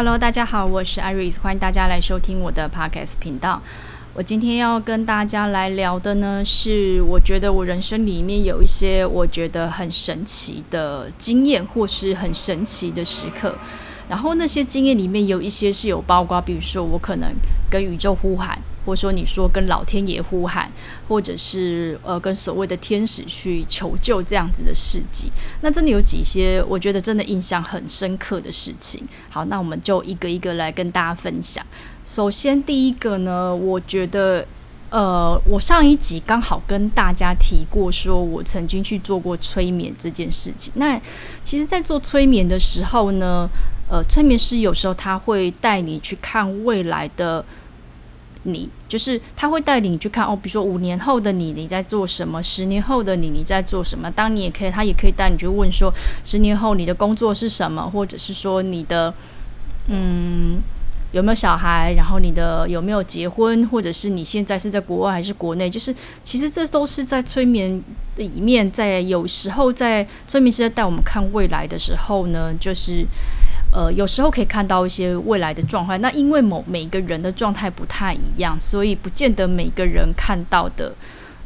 Hello，大家好，我是 Aris，歡迎大家來收聽我的 Podcast 頻道。我今天要跟大家來聊的呢，是我覺得我人生裡面有一些我覺得很神奇的經驗，或是很神奇的時刻。然後那些經驗裡面有一些是有包括，比如說我可能跟宇宙呼喊。或者說你說跟老天爺呼喊，或者是呃跟所謂的天使去求救這樣子的事蹟，那真的有幾些，我覺得真的印象很深刻的事情。好，那我們就一個一個來跟大家分享。首先第一個呢，我覺得呃，我上一集剛好跟大家提過，說我曾經去做過催眠這件事情。那其實，在做催眠的時候呢，呃，催眠師有時候他會帶你去看未來的。你就是他會帶你去看哦，比如說五年後的你你在做什麼，十年後的你你在做什麼。當你也可以，他也可以帶你去問說，十年後你的工作是什麼，或者是說你的嗯有沒有小孩，然後你的有沒有結婚，或者是你現在是在國外還是國內？就是其實這都是在催眠裡面，在有時候在催眠師在帶我們看未來的時候呢，就是。呃，有時候可以看到一些未來的狀態。那因為某每個人的狀態不太一樣，所以不見得每個人看到的，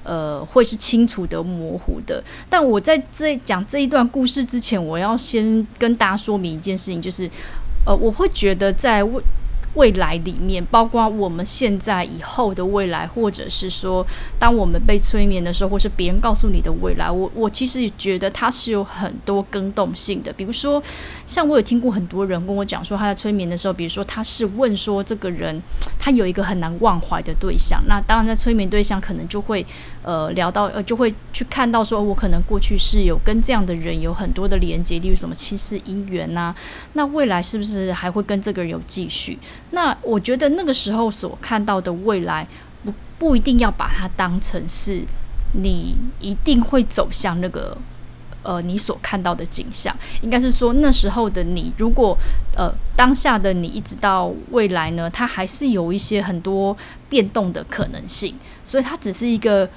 呃，會是清楚的、模糊的。但我在這講這一段故事之前，我要先跟大家說明一件事情，就是，呃，我會覺得在未來裡面，包括我們現在以後的未來，或者是說，當我們被催眠的時候，或是別人告訴你的未來，我我其實也覺得它是有很多更動性的。比如說，像我有聽過很多人跟我講說，他在催眠的時候，比如說他是問說，這個人他有一個很難忘懷的對象，那當然在催眠對象可能就會呃聊到呃，就會去看到說、哦、我可能過去是有跟這樣的人有很多的連接，例如什麼七世姻緣吶、啊，那未來是不是還會跟這個人有繼續？那我覺得那個時候所看到的未來，不不一定要把它當成是你一定會走向那個呃你所看到的景象。應該是說那時候的你，如果呃當下的你一直到未來呢，它還是有一些很多變動的可能性。所以它只是一個，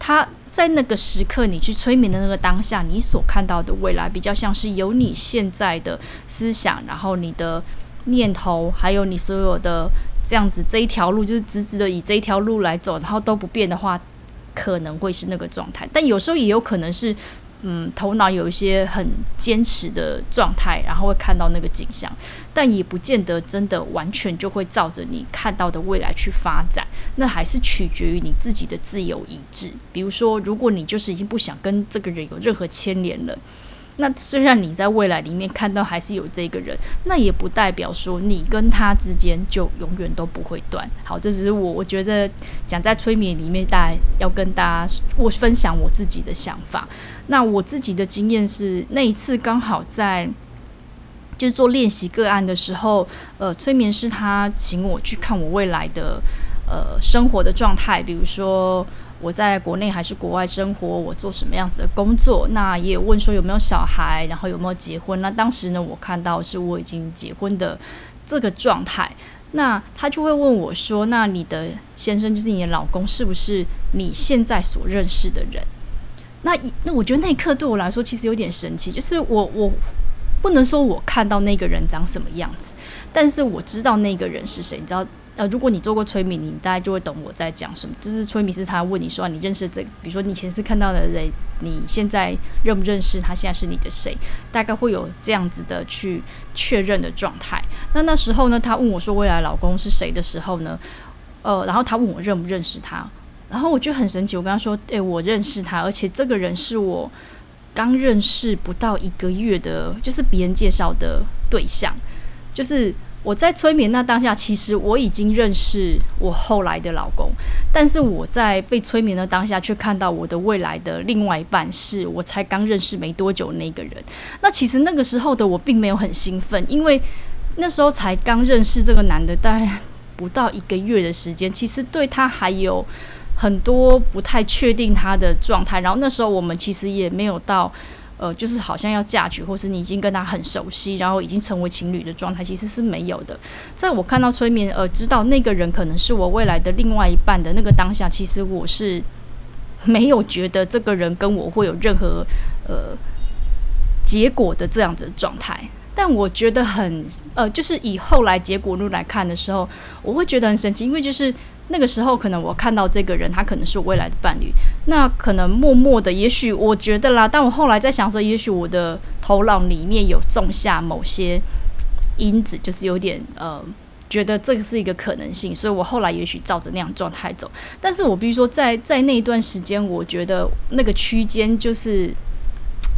它在那個時刻你去催眠的那個當下，你所看到的未來比較像是有你現在的思想，然後你的。念頭，還有你所有的這樣子，這一條路就是直直的以這一條路來走，然後都不變的話，可能會是那個狀態。但有時候也有可能是，嗯，頭腦有一些很堅持的狀態，然後會看到那個景象，但也不見得真的完全就會照着你看到的未來去發展。那還是取決於你自己的自由意志。比如說，如果你就是已經不想跟這個人有任何牽連了。那雖然你在未來裡面看到還是有這個人，那也不代表說你跟他之間就永遠都不會斷。好，這只是我我覺得講在催眠裡面，大概要跟大家我分享我自己的想法。那我自己的經驗是，那一次剛好在就是做練習個案的時候，呃，催眠師他請我去看我未來的呃生活的狀態，比如說。我在國內還是國外生活，我做什麼樣子的工作？那也有問說有沒有小孩，然後有沒有結婚？那當時呢，我看到是我已經結婚的這個狀態，那他就會問我說：“那你的先生就是你的老公，是不是你現在所認識的人？”那那我覺得那一刻對我來說其實有點神奇，就是我我不能說我看到那個人長什麼樣子，但是我知道那個人是誰，你知道？呃，如果你做過催眠，你大概就會懂我在講什麼。就是催眠師他問你說，你認識這，比如說你前世看到的人，你現在認不認識他？現在是你的誰？大概會有這樣子的去確認的狀態。那那時候呢，他問我說未來老公是誰的時候呢，呃，然後他問我認不認識他，然後我就很神奇。我跟他說，誒、欸，我認識他，而且這個人是我剛認識不到一個月的，就是別人介紹的對象，就是。我在催眠那當下，其實我已經認識我後來的老公，但是我在被催眠的當下，卻看到我的未來的另外一半是我才剛認識沒多久那個人。那其實那個時候的我並沒有很興奮，因為那時候才剛認識這個男的，但不到一個月的時間，其實對他還有很多不太確定他的狀態。然後那時候我們其實也沒有到。呃，就是好像要嫁娶，或是你已經跟他很熟悉，然後已經成為情侶的狀態，其實是沒有的。在我看到催眠，呃，知道那個人可能是我未來的另外一半的那個當下，其實我是沒有覺得這個人跟我會有任何呃結果的這樣子的狀態。但我覺得很呃，就是以後來結果論來看的時候，我會覺得很神奇，因為就是。那個時候，可能我看到這個人，他可能是我未來的伴侶。那可能默默的，也許我覺得啦，但我後來在想說，也許我的頭腦裡面有種下某些因子，就是有點呃，覺得這個是一個可能性。所以我後來也許照着那樣狀態走。但是我必須說在，在在那一段時間，我覺得那個區間就是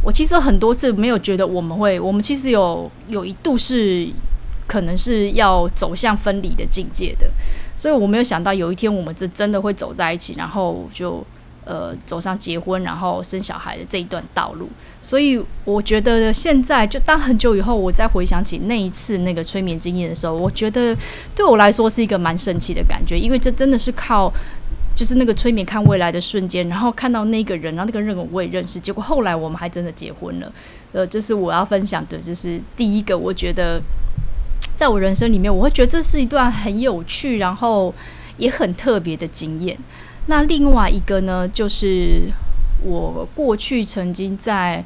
我其實很多次沒有覺得我們會，我們其實有有一度是可能是要走向分離的境界的。所以我沒有想到有一天我們這真的會走在一起，然後就呃走上結婚，然後生小孩的這一段道路。所以我覺得現在就當很久以後，我再回想起那一次那個催眠經驗的時候，我覺得對我來說是一個蠻神奇的感覺，因為這真的是靠就是那個催眠看未來的瞬間，然後看到那個人，然後那個人我也認識，結果後來我們還真的結婚了。呃，這、就是我要分享的，就是第一個，我覺得。在我人生裡面，我會覺得這是一段很有趣，然後也很特別的經驗。那另外一個呢，就是我過去曾經在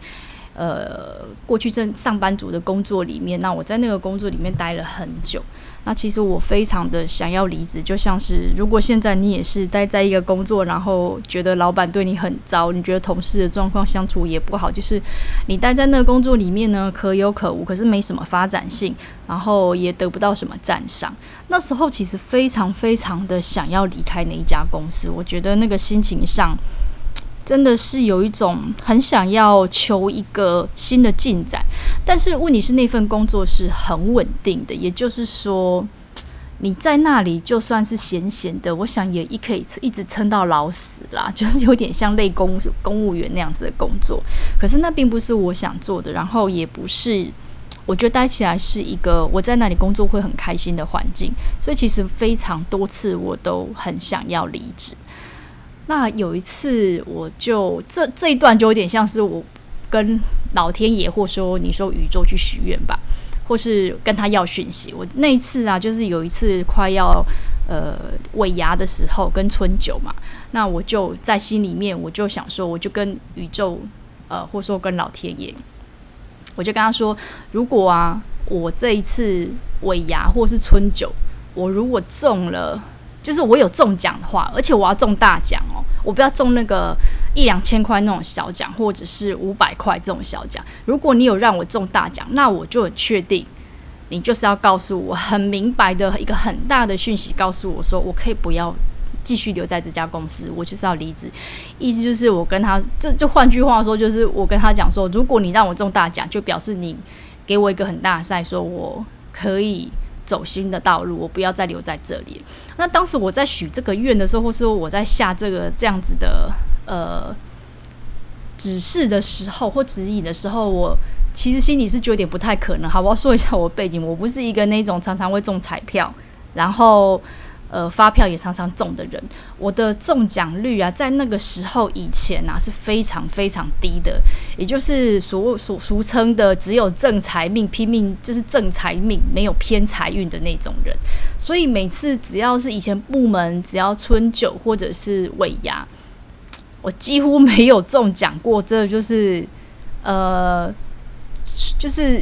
呃過去正上班族的工作裡面，那我在那個工作裡面待了很久。那其實我非常的想要離職，就像是如果現在你也是待在一個工作，然後覺得老闆對你很糟，你覺得同事的狀況相處也不好，就是你待在那個工作裡面呢，可有可無，可是沒什麼發展性，然後也得不到什麼讚賞。那時候其實非常非常的想要離開那一家公司，我覺得那個心情上。真的是有一種很想要求一個新的進展，但是問題是那份工作是很穩定的，也就是說你在那裡就算是閒閒的，我想也一可以一直撐到老死啦，就是有點像類公公務員那樣子的工作。可是那並不是我想做的，然後也不是我覺得待起來是一個我在那裡工作會很開心的環境，所以其實非常多次我都很想要離職。那有一次，我就這這一段就有點像是我跟老天爺，或說你說宇宙去許願吧，或是跟他要訊息。我那一次啊，就是有一次快要呃尾牙的時候，跟春酒嘛，那我就在心裡面，我就想說，我就跟宇宙，呃，或說跟老天爺，我就跟他說，如果啊，我這一次尾牙或是春酒，我如果中了。就是我有中獎的話，而且我要中大獎哦、喔，我不要中那個一兩千塊那種小獎，或者是五百塊這種小獎。如果你有讓我中大獎，那我就很確定，你就是要告訴我很明白的一個很大的訊息，告訴我說我可以不要繼續留在這家公司，我就是要離職。意思就是我跟他這就換句話說，就是我跟他講說，如果你讓我中大獎，就表示你給我一個很大的 Sign，說我可以。走新的道路，我不要再留在這裡。那當時我在許這個願的時候，或是我在下這個這樣子的呃指示的時候或指引的時候，我其實心裡是覺得有點不太可能。好不好？說一下我背景，我不是一個那種常常會中彩票，然後。呃，發票也常常中的人，我的中獎率啊，在那個時候以前啊是非常非常低的，也就是所所俗稱的只有正財命拼命，就是正財命沒有偏財運的那種人，所以每次只要是以前部門，只要春酒或者是尾牙，我幾乎沒有中獎過，這就是呃，就是。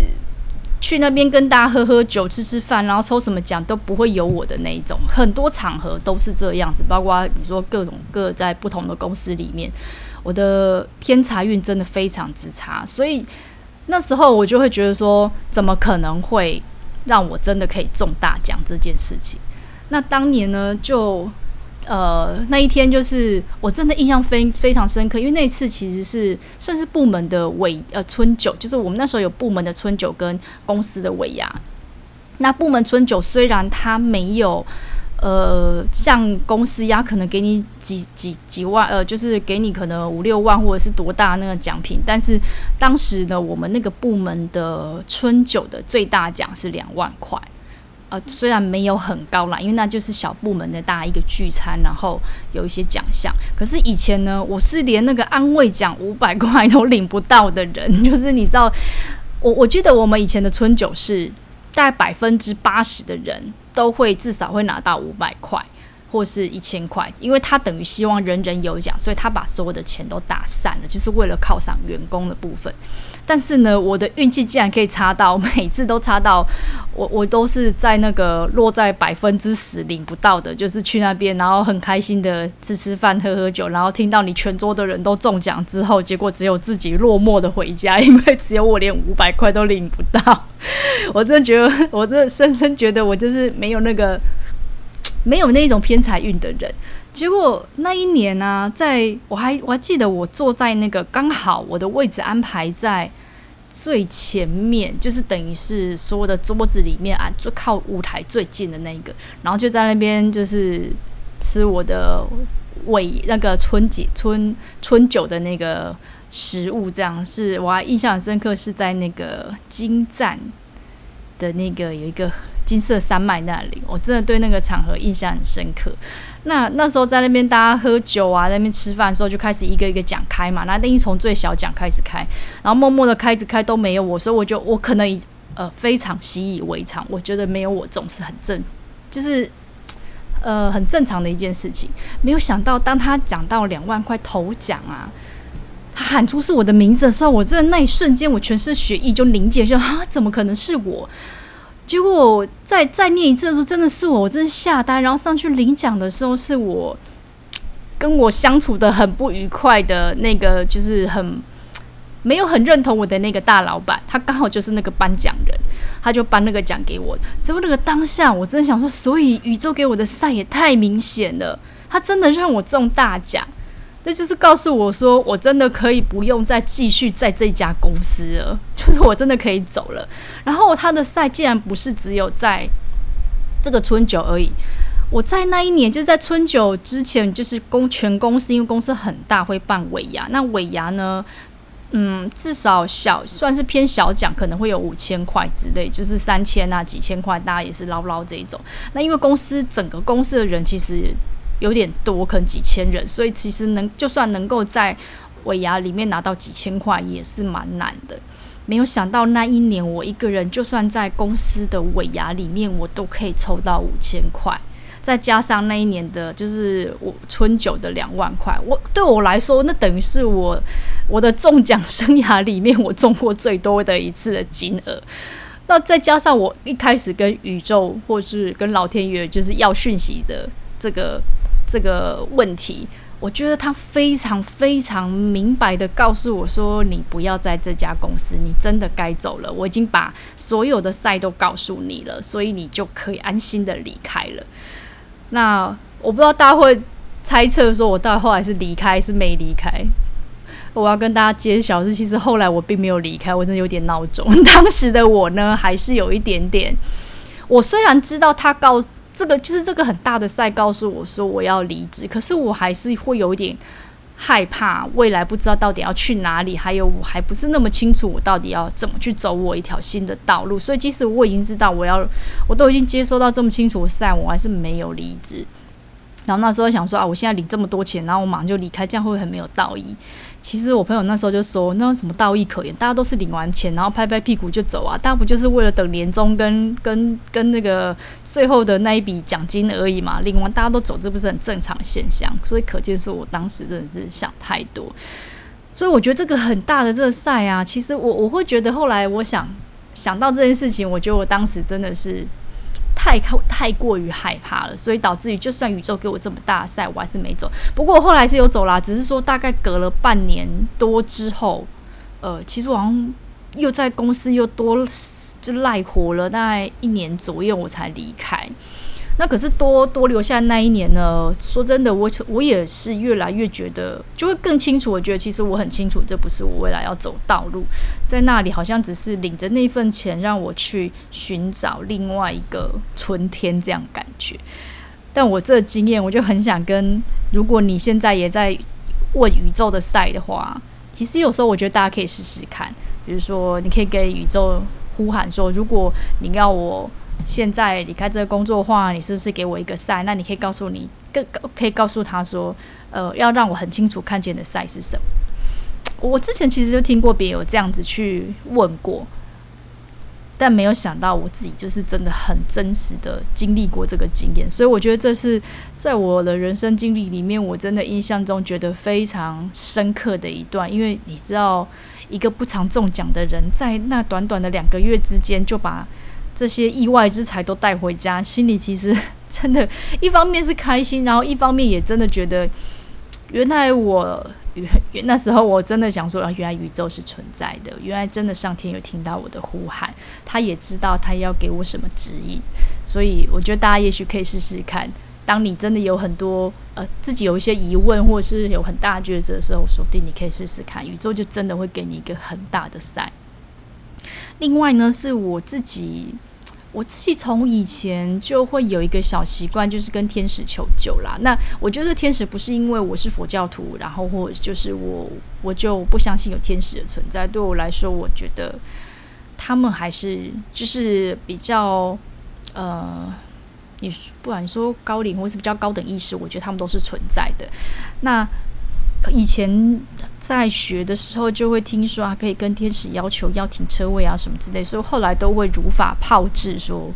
去那邊跟大家喝喝酒、吃吃飯，然後抽什麼獎都不會有我的那一種，很多場合都是這樣子，包括你說各種各在不同的公司裡面，我的偏財運真的非常之差，所以那時候我就會覺得說，怎麼可能會讓我真的可以中大獎這件事情？那當年呢就。呃，那一天就是我真的印象非非常深刻，因為那一次其實是算是部門的尾呃春酒，就是我們那時候有部門的春酒跟公司的尾牙。那部門春酒雖然它沒有呃像公司牙可能給你幾幾幾萬呃，就是給你可能五六萬或者是多大的那個獎品，但是當時呢，我們那個部門的春酒的最大獎是兩萬塊。雖然沒有很高啦，因為那就是小部門的大家一個聚餐，然後有一些獎項。可是以前呢，我是連那個安慰獎五百塊都領不到的人，就是你知道，我我記得我們以前的春酒是大概百分之八十的人都會至少會拿到五百塊或是一千塊，因為他等於希望人人有獎，所以他把所有的錢都打散了，就是為了犒賞員工的部分。但是呢，我的運氣竟然可以差到，每次都差到，我我都是在那個落在百分之十領不到的，就是去那邊然後很開心的吃吃飯喝喝酒，然後聽到你全桌的人都中獎之後，結果只有自己落寞的回家，因為只有我連五百塊都領不到，我真的覺得，我真的深深覺得我就是沒有那個沒有那一種偏財運的人。結果那一年呢、啊，在我還我還記得，我坐在那個剛好我的位置安排在最前面，就是等於是所有的桌子裡面，啊，就靠舞台最近的那一個，然後就在那邊就是吃我的尾那個春節春春酒的那個食物，這樣是我還印象很深刻，是在那個金站的那個有一個金色山脈那裡，我真的對那個場合印象很深刻。那那時候在那邊大家喝酒啊，在那邊吃飯的時候就開始一個一個獎開嘛，那另一從最小獎開始開，然後默默的開着開都沒有我，我所以我就我可能呃非常習以為常，我覺得沒有我總是很正，就是呃很正常的一件事情。沒有想到當他講到兩萬塊頭獎啊，他喊出是我的名字的時候，我真的那一瞬間我全身血液就凝結，就啊怎麼可能是我？結果我再再念一次的時候，真的是我，我真的嚇呆，然後上去領獎的時候，是我跟我相處得很不愉快的那個，就是很沒有很認同我的那個大老闆，他剛好就是那個頒獎人，他就頒那個獎給我。結果那個當下，我真的想說，所以宇宙給我的 Sign 也太明顯了，他真的讓我中大獎，這就是告訴我說，我真的可以不用再繼續在這家公司了。我真的可以走了。然後他的賽竟然不是只有在這個春酒而已，我在那一年就是在春酒之前，就是公全公司，因為公司很大，會辦尾牙。那尾牙呢，嗯，至少小算是偏小獎，可能會有五千塊之類，就是三千啊、幾千塊，大家也是撈撈這一種。那因為公司整個公司的人其實有點多，可能幾千人，所以其實能就算能夠在尾牙裡面拿到幾千塊，也是蠻難的。沒有想到那一年，我一個人就算在公司的尾牙裡面，我都可以抽到五千塊，再加上那一年的，就是我春酒的兩萬塊，我對我來說，那等於是我我的中獎生涯裡面我中過最多的一次的金額。那再加上我一開始跟宇宙或是跟老天爺就是要訊息的這個這個問題。我覺得他非常非常明白的告訴我說：“你不要在這家公司，你真的該走了。”我已經把所有的 Sign 都告訴你了，所以你就可以安心的離開了。那我不知道大家會猜測說，我到底後來是離開還是沒離開？我要跟大家揭曉是，其實後來我並沒有離開，我真的有點鬧鐘。當時的我呢，還是有一點點。我雖然知道他告。這個就是這個很大的 Sign，告訴我說我要離職，可是我還是會有點害怕，未來不知道到底要去哪裡，還有我還不是那麼清楚，我到底要怎麼去走我一條新的道路。所以，即使我已經知道我要，我都已經接收到這麼清楚的 Sign，我還是沒有離職。然後那時候想說啊，我現在領這麼多錢，然後我馬上就離開，這樣會不會很沒有道義？其實我朋友那時候就說，那有什麼道義可言？大家都是領完錢，然後拍拍屁股就走啊，大家不就是為了等年終跟跟跟那個最後的那一筆獎金而已嘛？領完大家都走，這不是很正常現象？所以可見是我當時真的是想太多。所以我覺得這個很大的熱賽啊，其實我我會覺得後來我想想到這件事情，我覺得我當時真的是。太太過於害怕了，所以導致於就算宇宙給我這麼大 Sign，我還是沒走。不過後來是有走啦，只是說大概隔了半年多之後，呃，其實我好像又在公司又多就賴活了，大概一年左右我才離開。那可是多多留下那一年呢？說真的，我我也是越來越覺得，就會更清楚。我覺得其實我很清楚，這不是我未來要走的道路，在那裡好像只是領着那份錢，讓我去尋找另外一個春天這樣感覺。但我這個經驗，我就很想跟，如果你現在也在問宇宙的 Sign 的話，其實有時候我覺得大家可以試試看，比如說你可以給宇宙呼喊說，如果你要我。現在離開這個工作的話，你是不是給我一個 Sign？那你可以告訴你，更可以告訴他說，呃，要讓我很清楚看見的 Sign 是什麼。我之前其實就聽過別人有這樣子去問過，但沒有想到我自己就是真的很真實的經歷過這個經驗。所以我覺得這是在我的人生經歷裡面，我真的印象中覺得非常深刻的一段。因為你知道，一個不常中獎的人，在那短短的兩個月之間就把。這些意外之財都帶回家，心裡其實真的，一方面是開心，然後一方面也真的覺得，原來我原，原來那時候我真的想說，啊，原來宇宙是存在的，原來真的上天有聽到我的呼喊，他也知道他要給我什麼指引。所以我覺得大家也許可以試試看，當你真的有很多呃自己有一些疑問，或者是有很大抉擇的時候，說不定你可以試試看，宇宙就真的會給你一個很大的 Sign。另外呢，是我自己，我自己從以前就會有一個小習慣，就是跟天使求救啦。那我覺得天使不是因為我是佛教徒，然後或者就是我我就不相信有天使的存在。對我來說，我覺得他們還是就是比較呃，你不管你說高靈或是比較高等意識，我覺得他們都是存在的。那。以前在學的時候，就會聽說啊，可以跟天使要求要停車位啊什麼之類，所以後來都會如法炮製，說，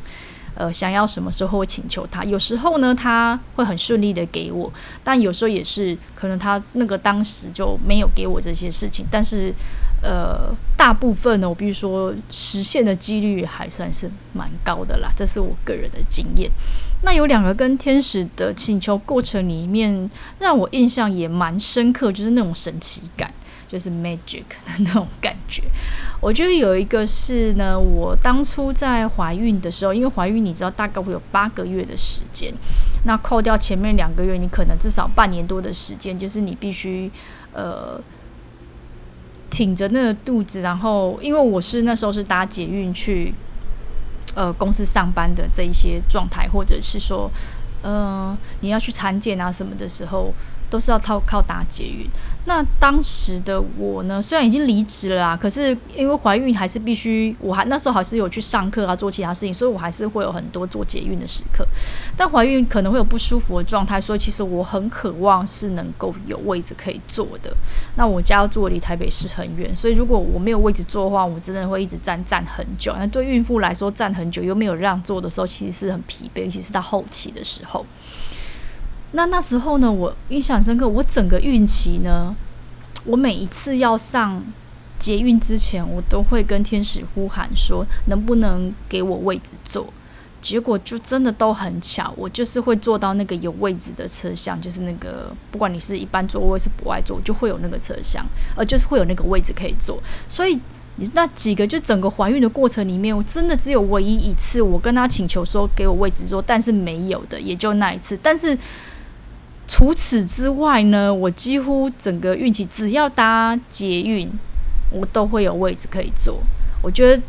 呃，想要什麼時候會請求他，有時候呢，他會很順利的給我，但有時候也是可能他那個當時就沒有給我這些事情，但是呃，大部分呢，我比如說實現的幾率還算是蠻高的啦，這是我個人的經驗。那有兩個跟天使的請求過程裡面，讓我印象也蠻深刻，就是那種神奇感，就是 magic 的那種感覺。我覺得有一個是呢，我當初在懷孕的時候，因為懷孕你知道大概會有八個月的時間，那扣掉前面兩個月，你可能至少半年多的時間，就是你必須呃挺着那個肚子，然後因為我是那時候是搭捷運去。呃，公司上班的這一些狀態，或者是說，嗯、呃，你要去產檢啊什麼的時候。都是要靠靠打捷運。那當時的我呢，雖然已經離職了啦，可是因為懷孕還是必須，我還那時候還是有去上課啊，做其他事情，所以我還是會有很多做捷運的時刻。但懷孕可能會有不舒服的狀態，所以其實我很渴望是能夠有位置可以坐的。那我家要坐離台北市很遠，所以如果我沒有位置坐的話，我真的會一直站站很久。那對孕婦來說，站很久又沒有讓座的時候，其實是很疲憊，尤其是到後期的時候。那那時候呢，我印象深刻。我整個孕期呢，我每一次要上捷運之前，我都會跟天使呼喊說：“能不能給我位置坐？”結果就真的都很巧，我就是會坐到那個有位置的車廂，就是那個不管你是一般座位是博愛座，就會有那個車廂，呃，就是會有那個位置可以坐。所以，那幾個就整個懷孕的過程裡面，我真的只有唯一一次我跟他請求說給我位置坐，但是沒有的，也就那一次。但是除此之外呢，我幾乎整個孕期只要搭捷運，我都會有位置可以坐。我覺得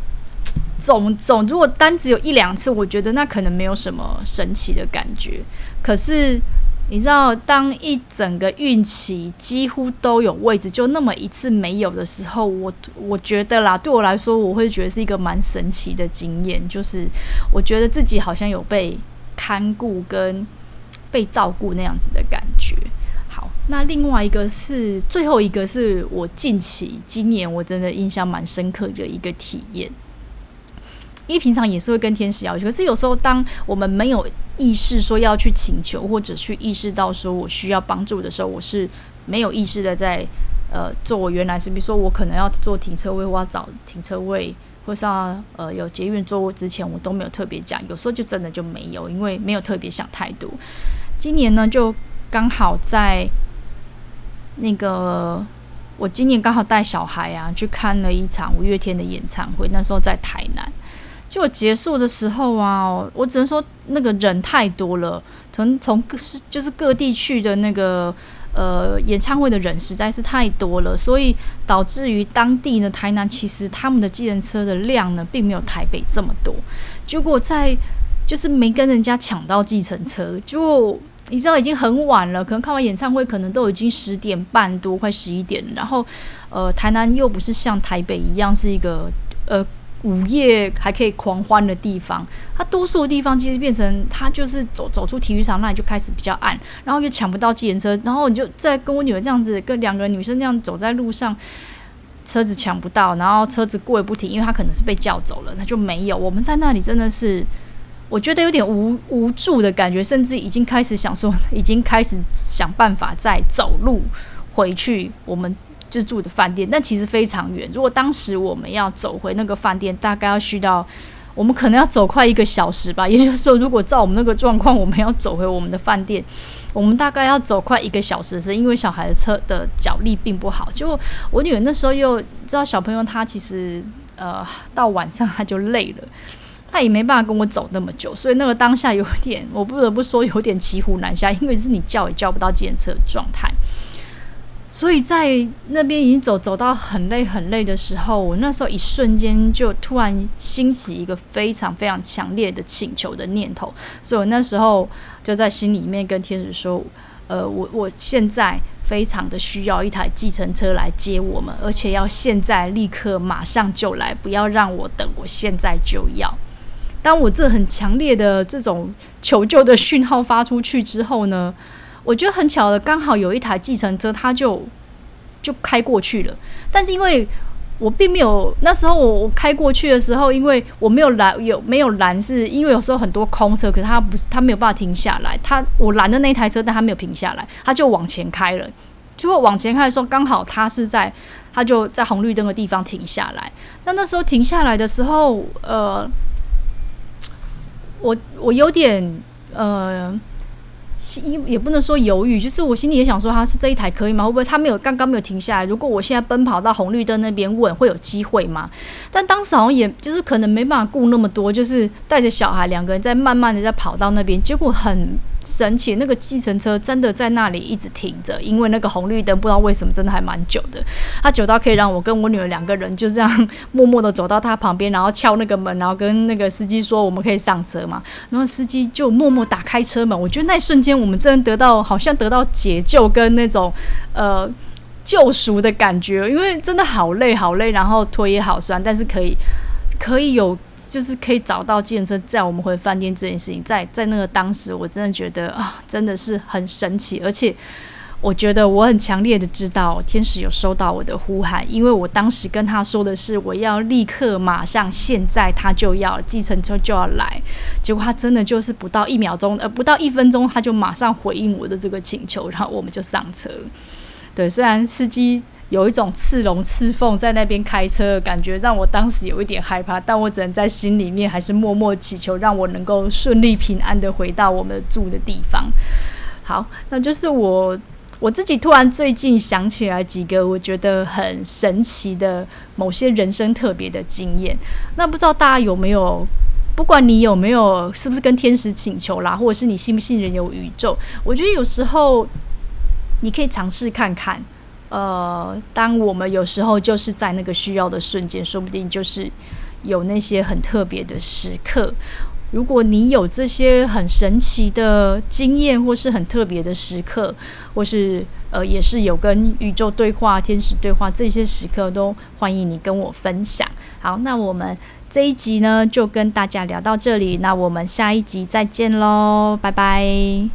總總如果單只有一兩次，我覺得那可能沒有什麼神奇的感覺。可是你知道，當一整個孕期幾乎都有位置，就那麼一次沒有的時候，我我覺得啦，對我來說，我會覺得是一個蠻神奇的經驗。就是我覺得自己好像有被看顧跟。被照顧那樣子的感覺。好，那另外一個是最後一個，是我近期今年我真的印象蠻深刻的一個體驗。因為平常也是會跟天使要求，可是有時候當我們沒有意識說要去請求或者去意識到說我需要幫助的時候，我是沒有意識的在呃做我原來是比如說我可能要做停車位，或我要找停車位。或是啊，呃，有捷運坐過之前，我都沒有特別講。有時候就真的就沒有，因為沒有特別想太多。今年呢，就剛好在那個我今年剛好帶小孩啊，去看了一場五月天的演唱會，那時候在台南。結果結束的時候啊，我只能說那個人太多了，可能從各就是各地去的那個。呃，演唱會的人實在是太多了，所以導致於當地呢，台南其實他們的計程車的量呢，並沒有台北這麼多。結果在就是沒跟人家搶到計程車，就你知道已經很晚了，可能看完演唱會，可能都已經十點半多，快十一點。然後，呃，台南又不是像台北一樣是一個呃。午夜還可以狂歡的地方，它多數的地方其實變成，它就是走走出體育場那裡就開始比較暗，然後又搶不到計程車，然後你就在跟我女兒這樣子，跟兩個女生這樣走在路上，車子搶不到，然後車子過也不停，因為他可能是被叫走了，他就沒有。我們在那裡真的是，我覺得有點無無助的感覺，甚至已經開始想說，已經開始想辦法再走路回去，我們。就住的飯店，但其實非常遠。如果當時我們要走回那個飯店，大概要去到，我們可能要走快一個小時吧。也就是說，如果照我們那個狀況，我們要走回我們的飯店，我們大概要走快一個小時，時，是因為小孩的車的腳力並不好。結果我女兒那時候又知道小朋友，她其實呃到晚上她就累了，她也沒辦法跟我走那麼久。所以那個當下有點，我不得不說有點騎虎難下，因為是你叫也叫不到計程車的狀態。所以在那邊已經走走到很累很累的時候，我那時候一瞬間就突然興起一個非常非常強烈的請求的念頭，所以我那時候就在心裡面跟天使說：“呃，我我現在非常的需要一台計程車來接我們，而且要現在立刻馬上就來，不要讓我等，我現在就要。”當我這很強烈的這種求救的訊號發出去之後呢？我覺得很巧的，剛好有一台計程車，它就就開過去了。但是因為我並沒有那時候我我開過去的時候，因為我沒有攔有沒有攔，是因為有時候很多空車，可是它不是它沒有辦法停下來。它我攔的那台車，但它沒有停下來，它就往前開了。結果往前開的時候，剛好它是在它就在紅綠燈的地方停下來。那那時候停下來的時候，呃，我我有點呃。也不能說猶豫，就是我心裡也想說，他是這一台可以嗎？會不會他沒有剛剛沒有停下來？如果我現在奔跑到紅綠燈那邊問，會有機會嗎？但當時好像也就是可能沒辦法顧那麼多，就是帶着小孩兩個人在慢慢的在跑到那邊，結果很。神奇，那個計程車真的在那裡一直停着，因為那個紅綠燈不知道為什麼真的還蠻久的。它久到可以讓我跟我女兒兩個人就這樣默默的走到他旁邊，然後敲那個門，然後跟那個司機說我們可以上車嘛。然後司機就默默打開車門，我覺得那瞬間我們真的得到，好像得到解救跟那種呃救贖的感覺，因為真的好累好累，然後腿也好痠，但是可以可以有，就是可以找到計程車載我們回飯店這件事情，在在那個當時，我真的覺得啊，真的是很神奇，而且我覺得我很強烈的知道天使有收到我的呼喊，因為我當時跟他說的是，我要立刻馬上現在，他就要，計程車就要來，結果他真的就是不到一秒鐘，呃，不到一分鐘，他就馬上回應我的這個請求，然後我們就上車，對，雖然司機。有一種刺龍刺鳳在那邊開車的感覺，讓我當時有一點害怕。但我只能在心裡面還是默默祈求，讓我能夠順利平安地回到我們住的地方。好，那就是我我自己突然最近想起來幾個我覺得很神奇的某些人生特別的經驗。那不知道大家有沒有？不管你有沒有，是不是跟天使請求啦，或者是你信不信人有宇宙？我覺得有時候你可以嘗試看看。呃，當我們有時候就是在那個需要的瞬間，說不定就是有那些很特別的時刻。如果你有這些很神奇的經驗，或是很特別的時刻，或是呃，也是有跟宇宙對話、天使對話，這些時刻都歡迎你跟我分享。好，那我們這一集呢，就跟大家聊到這裡。那我們下一集再見嘍，拜拜。